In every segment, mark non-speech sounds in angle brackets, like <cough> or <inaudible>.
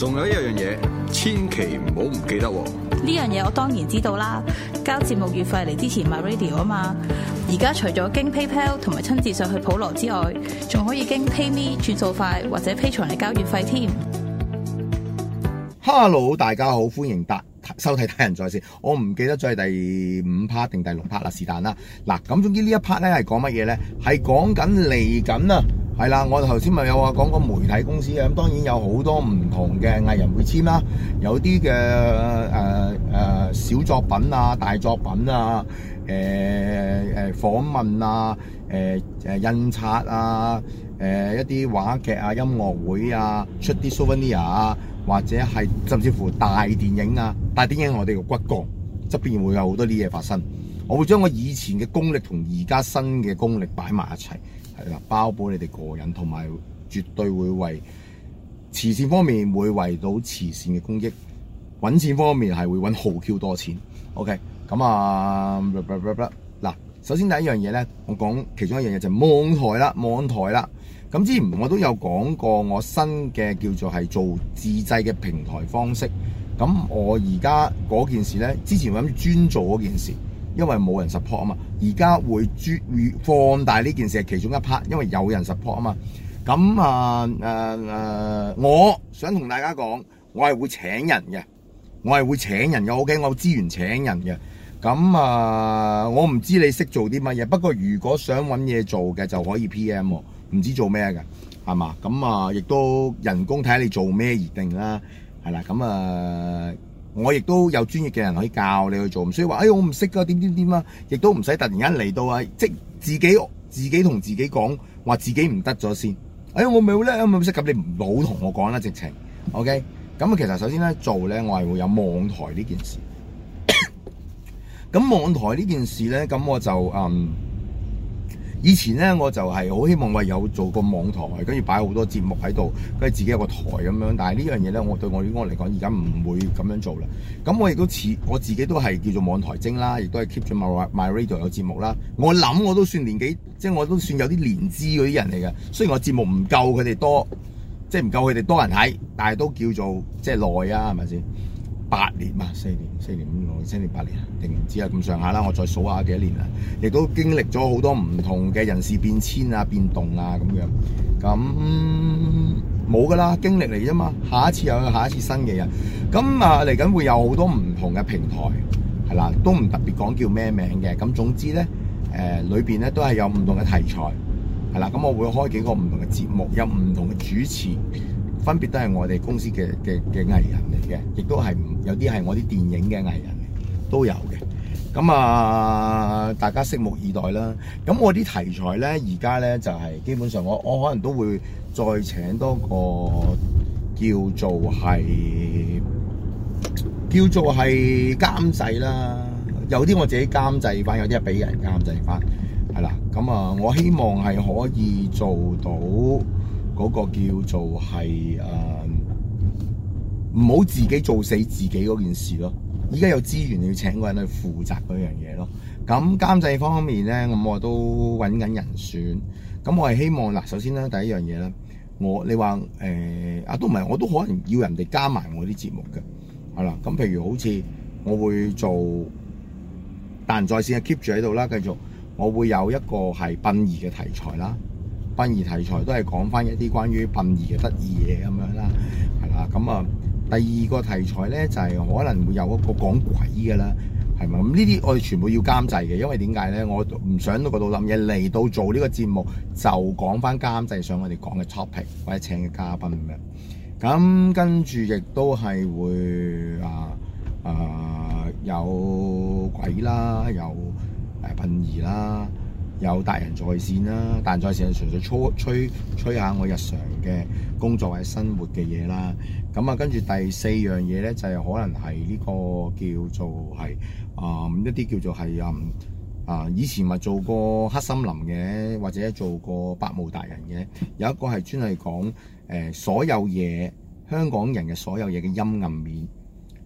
仲有一樣嘢，千祈唔好唔記得喎！呢樣嘢我當然知道啦，交節目月費嚟支持 MyRadio 啊嘛！而家除咗經 PayPal 同埋親自上去普羅之外，仲可以經 PayMe 轉數快或者 Patreon 嚟交月費添。Hello 大家好，歡迎大收睇《達仁在線》，我唔記得咗係第五 part 定第六 part 啦，是但啦。嗱，咁總之呢一 part 咧係講乜嘢咧？係講緊嚟緊啊！係啦，我頭先咪有話講過媒體公司嘅，咁當然有好多唔同嘅藝人會簽啦，有啲嘅誒誒小作品啊、大作品啊、誒、呃、誒訪問啊、誒、呃、誒印刷啊、誒、呃、一啲話劇啊、音樂會啊、出啲 souvenir 啊，或者係甚至乎大電影啊，大電影我哋個骨幹，側邊會有好多啲嘢發生。我會將我以前嘅功力同而家新嘅功力擺埋一齊。包保你哋過癮，同埋絕對會為慈善方面會為到慈善嘅公益，揾錢方面係會揾好 Q 多錢。OK，咁啊，嗱，首先第一樣嘢咧，我講其中一樣嘢就係網台啦，網台啦。咁之前我都有講過，我新嘅叫做係做自製嘅平台方式。咁我而家嗰件事咧，之前我諗住專做嗰件事。因為冇人 support 啊嘛，而家會越越放大呢件事係其中一 part，因為有人 support 啊嘛。咁啊誒誒，我想同大家講，我係會請人嘅，我係會請人嘅，OK，我有資源請人嘅。咁啊、呃，我唔知你識做啲乜嘢，不過如果想揾嘢做嘅就可以 PM，唔知做咩嘅係嘛。咁啊，亦、呃、都人工睇下你做咩而定啦，係啦，咁啊。呃我亦都有專業嘅人可以教你去做，唔需要話，哎，我唔識㗎，點點點啊，亦都唔使突然間嚟到啊，即自己自己同自己講話自己唔得咗先，哎，我咪好叻，我唔識咁，你唔好同我講啦，直情，OK，咁啊，其實首先咧做咧，我係會有網台呢件事，咁網 <coughs> 台呢件事咧，咁我就嗯。Um, 以前咧，我就係好希望我有做個網台，跟住擺好多節目喺度，跟住自己有個台咁樣。但係呢樣嘢咧，我對我應該嚟講，而家唔會咁樣做啦。咁我亦都似我自己都係叫做網台精啦，亦都係 keep 咗 my radio 有節目啦。我諗我都算年紀，即係我都算有啲年資嗰啲人嚟嘅。雖然我節目唔夠佢哋多，即係唔夠佢哋多人睇，但係都叫做即係、就是、耐啊，係咪先？八年嘛，四年、四年五六年、七年、八年,年,年，定唔知啊咁上下啦。我再數下幾多年啦，亦都經歷咗好多唔同嘅人事變遷啊、變動啊咁樣。咁冇噶啦，經歷嚟啫嘛。下一次有下一次新嘅人。咁啊嚟緊會有好多唔同嘅平台，係啦，都唔特別講叫咩名嘅。咁總之咧，誒裏邊咧都係有唔同嘅題材，係啦。咁我會開幾個唔同嘅節目，有唔同嘅主持。分別都係我哋公司嘅嘅嘅藝人嚟嘅，亦都係唔有啲係我啲電影嘅藝人都有嘅。咁啊，大家拭目以待啦。咁我啲題材咧，而家咧就係基本上，我我可能都會再請多個叫做係叫做係監製啦。有啲我自己監製返，有啲係俾人監製返，係啦。咁啊，我希望係可以做到。嗰個叫做係誒，唔、嗯、好自己做死自己嗰件事咯。依家有資源要請個人去負責嗰樣嘢咯。咁監製方面咧，咁我都揾緊人選。咁我係希望嗱，首先咧第一樣嘢咧，我你話誒，啊都唔係，我都可能要人哋加埋我啲節目嘅。係啦，咁譬如好似我會做達仁在線嘅 keep 住喺度啦，繼續。我會有一個係殯儀嘅題材啦。殯儀題材都係講翻一啲關於殯儀嘅得意嘢咁樣啦，係啦，咁啊第二個題材咧就係、是、可能會有一個講鬼㗎啦，係咪？咁呢啲我哋全部要監製嘅，因為點解咧？我唔想到嗰度諗嘢，嚟到做呢個節目就講翻監製上我哋講嘅 topic 或者請嘅嘉賓咁，跟住亦都係會啊啊、呃、有鬼啦，有誒殯儀啦。有達仁在線啦，達仁在線係純粹吹吹吹下我日常嘅工作或者生活嘅嘢啦。咁啊，跟住第四樣嘢咧就係、是、可能係呢個叫做係啊、呃、一啲叫做係啊啊以前咪做過黑森林嘅，或者做過百慕達人嘅，有一個係專係講誒所有嘢香港人嘅所有嘢嘅陰暗面，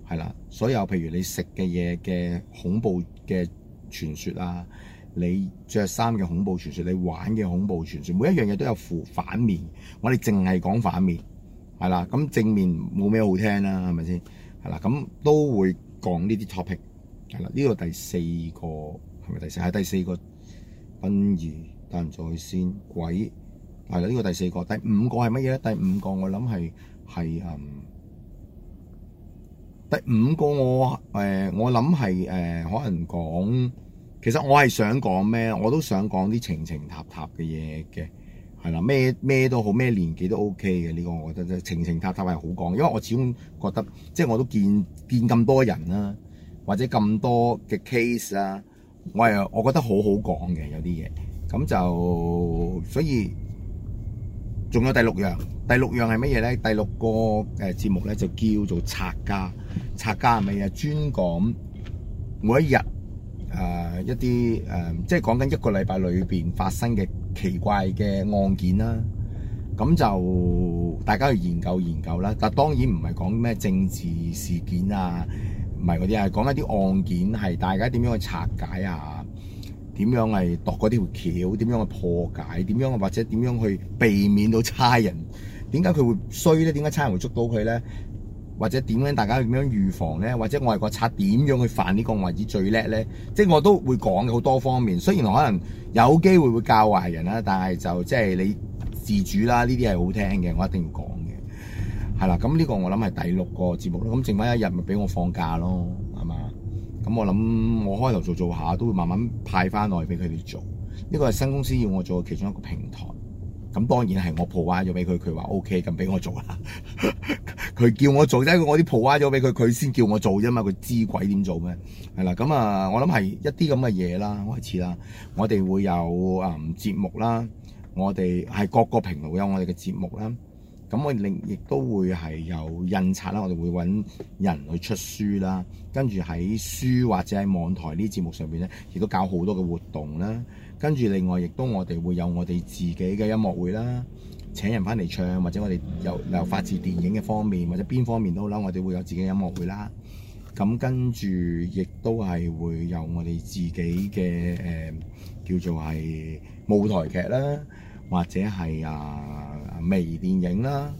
係啦，所有譬如你食嘅嘢嘅恐怖嘅傳說啊～你著衫嘅恐怖傳説，你玩嘅恐怖傳説，每一樣嘢都有負反面。我哋淨係講反面，係啦。咁正面冇咩好聽啦，係咪先？係啦，咁都會講呢啲 topic，係啦。呢個第四個係咪第四？係第四個，殯儀但再先鬼，係啦。呢個第四個，第五個係乜嘢咧？第五個我諗係係嗯，第五個我誒我諗係誒可能講。其實我係想講咩，我都想講啲情情塔塔嘅嘢嘅，係啦，咩咩都好，咩年紀都 O K 嘅呢個，我覺得啫，情情塔塔係好講，因為我始終覺得，即係我都見見咁多人啦，或者咁多嘅 case 啊，我係我覺得好好講嘅有啲嘢，咁就所以仲有第六樣，第六樣係乜嘢咧？第六個誒節目咧就叫做拆家，拆家係咪啊？專講每一日。誒、呃、一啲誒、呃，即係講緊一個禮拜裏邊發生嘅奇怪嘅案件啦。咁、啊、就大家去研究研究啦。但當然唔係講咩政治事件啊，唔係嗰啲啊，係講一啲案件係大家點樣去拆解啊？點樣係度嗰條橋？點樣去破解？點樣或者點樣去避免到差人？點解佢會衰咧？點解差人會捉到佢咧？或者點樣大家點樣預防呢？或者外國賊點樣去犯呢個位置最叻呢？即係我都會講嘅好多方面。雖然可能有機會會教壞人啦，但係就即係你自主啦，呢啲係好聽嘅，我一定要講嘅。係啦，咁呢個我諗係第六個節目啦。咁剩翻一日咪俾我放假咯，係嘛？咁我諗我開頭做做，做下，都會慢慢派翻落去俾佢哋做。呢個係新公司要我做嘅其中一個平台。咁當然係我鋪開咗俾佢，佢話 OK，咁俾我做啦。 <laughs> 佢叫我做啫，我啲鋪歪咗俾佢，佢先叫我做啫嘛，佢知鬼點做咩？係啦，咁、嗯、啊，我諗係一啲咁嘅嘢啦，開始啦，我哋會有啊、嗯、節目啦，我哋係各個頻道有我哋嘅節目啦，咁我另亦都會係有印刷啦，我哋會揾人去出書啦，跟住喺書或者喺網台呢節目上面呢，亦都搞好多嘅活動啦，跟住另外亦都我哋會有我哋自己嘅音樂會啦。請人翻嚟唱，或者我哋由由發自電影嘅方面，或者邊方面都好。諗，我哋會有自己嘅音樂會啦。咁跟住亦都係會有我哋自己嘅誒、呃，叫做係舞台劇啦，或者係啊微電影啦，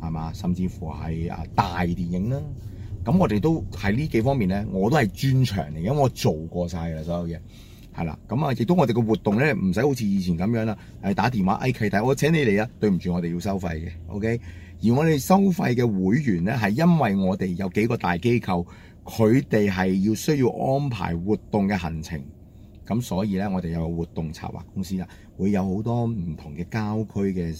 係嘛？甚至乎係啊大電影啦。咁我哋都喺呢幾方面咧，我都係專長嚟，因為我做過曬㗎啦，所有嘢。係啦，咁啊，亦都我哋嘅活動呢，唔使好似以前咁樣啦，誒，打電話嗌契弟，我請你嚟啊，對唔住，我哋要收費嘅，OK。而我哋收費嘅會員呢，係因為我哋有幾個大機構，佢哋係要需要安排活動嘅行程，咁所以呢，我哋有個活動策劃公司啦，會有好多唔同嘅郊區嘅。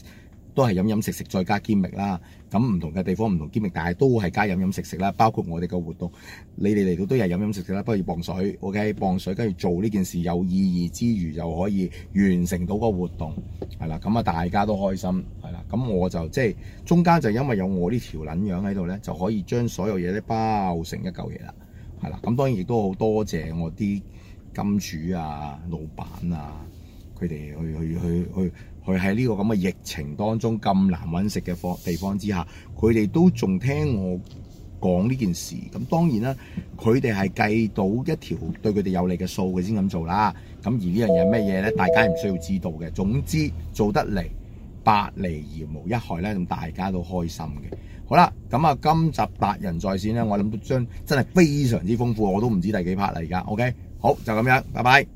都係飲飲食食再加堅覓啦，咁唔同嘅地方唔同堅覓，但係都係加飲飲食食啦。包括我哋個活動，你哋嚟到都係飲飲食食啦，不如磅水，OK，磅水跟住做呢件事有意義之餘又可以完成到個活動，係啦，咁啊大家都開心，係啦，咁我就即係中間就因為有我呢條撚樣喺度呢，就可以將所有嘢都包成一嚿嘢啦，係啦，咁當然亦都好多謝我啲金主啊、老闆啊。佢哋去去去去去喺呢個咁嘅疫情當中咁難揾食嘅方地方之下，佢哋都仲聽我講呢件事。咁當然啦，佢哋係計到一條對佢哋有利嘅數，佢先咁做啦。咁而呢樣嘢係咩嘢咧？大家唔需要知道嘅。總之做得嚟百利而無一害咧，咁大家都開心嘅。好啦，咁啊，今集達仁在線咧，我諗都將真係非常之豐富，我都唔知第幾 part 啦而家。OK，好就咁樣，拜拜。